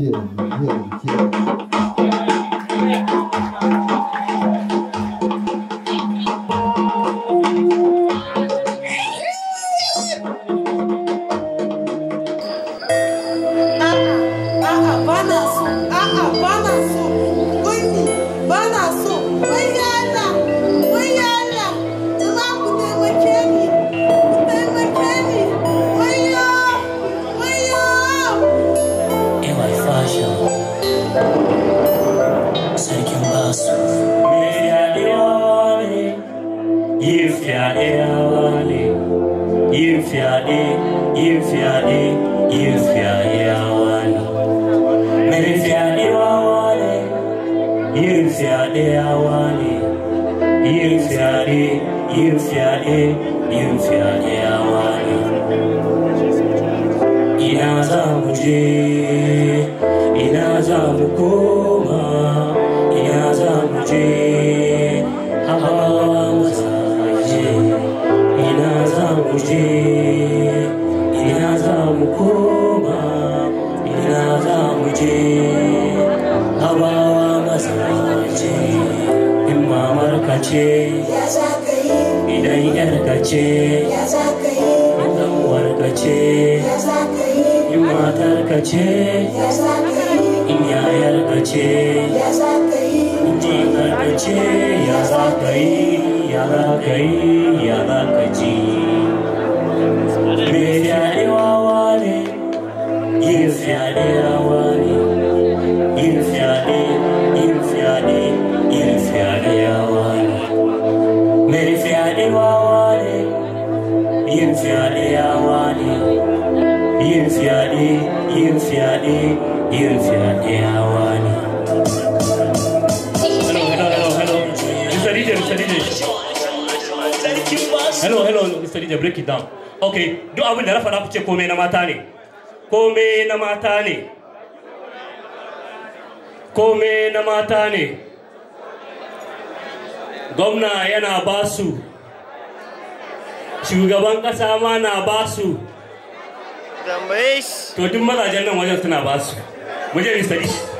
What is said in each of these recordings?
querendo, querendo, querendo. Ah, ah, ah, ah, ah, bananço. fiale abane yifiale yifiale yifiale abane mere fiale abane yifiale abane yifiale yifiale yifiale abane ina za mu je ina za mu koma koma ina za mu je habawa ce. in mamar ka ce idan yar ka ce in zanwar ka ce in matar ka ce in yayar ka ce in jinar ka ce ya za ka yi ya za ka yi ya za ka ji yin fyaɗe yin fyaɗe yin fyaɗe hawa ne hello hello mr dj break it down okay duk abin da na ce komai na mata ne komai na mata ne komai na mata ne gwamna yana basu shugaban ƙasa ma na basu Tambaye shi. To duk mazajen nan wajen suna ba su. Muje Mr. Dish.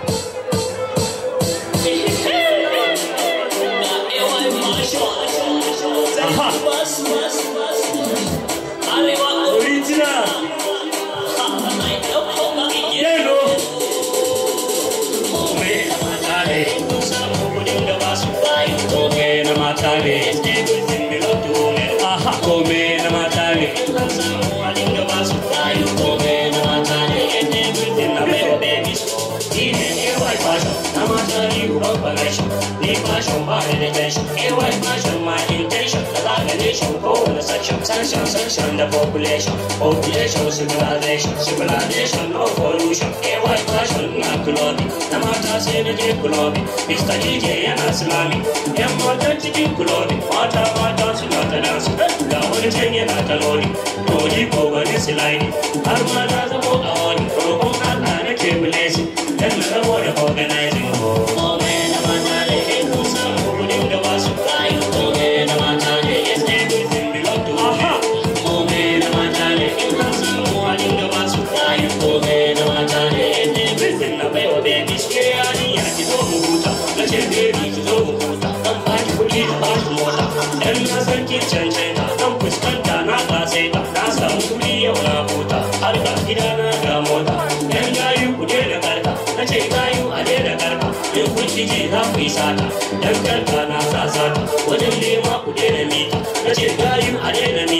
population, colonization, sanction, sanction, the population, population, civilization, civilization, no pollution, KY fashion, na kulobi, na mata sai da je kulobi, Mr. DJ yana silami, yan matan cikin kulobi, mata mata suna ta nasu, ga wani can yana ta lori, to ni ko wani silani, har ma na zamo a wani, roƙon Allah nake blessing, dan na rabo da organizing. sata yan na sa sata wajen nema ku daina mita na ce gayu a daina mita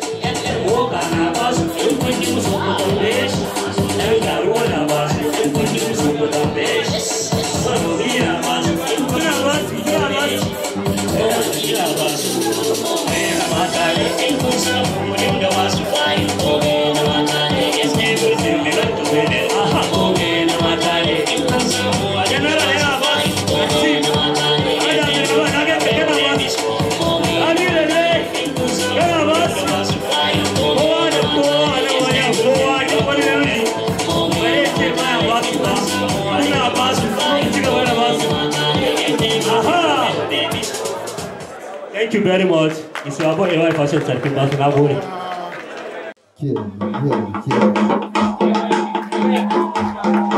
Thank you very much. It's your boy Eli Fashion Sarkin Basu